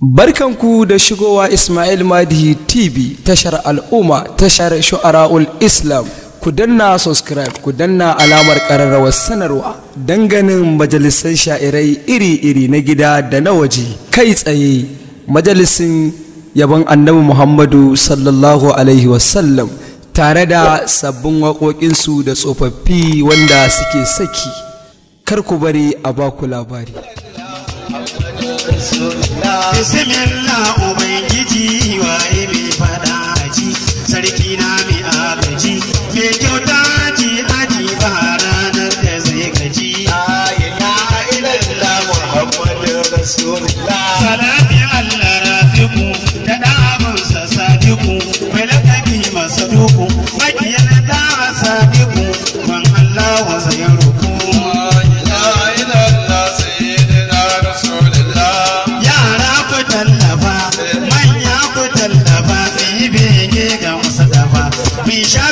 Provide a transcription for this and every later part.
Barkanku da shigowa Ismail Madi TV tashar al'umma tashar shu'ara'ul Islam ku danna subscribe ku danna alamar ƙararrawar sanarwa danganin majalisar sha'irai iri-iri na gida da na waje kai tsaye majalisin Yaban annabi Muhammadu sallallahu alaihi wasallam tare da sabbin waƙoƙinsu da tsofaffi wanda suke saki kar ku bari a baku labari. bismillah ubangiji waye mai faɗa aji sarki na mai agaji mai kyauta ji aji ba ranar da zai a ila ila muhammadu rasulullah salati allah rafiku da ɗamansa sadiku mai lakabi masa duku makiyar da sadiku ban allah wa zayar já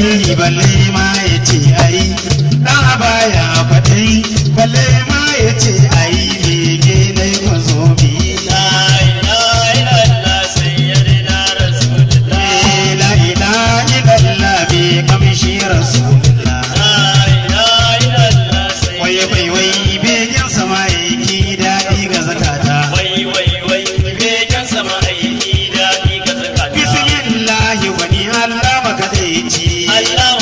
Ni ba balle ma ya ce Allah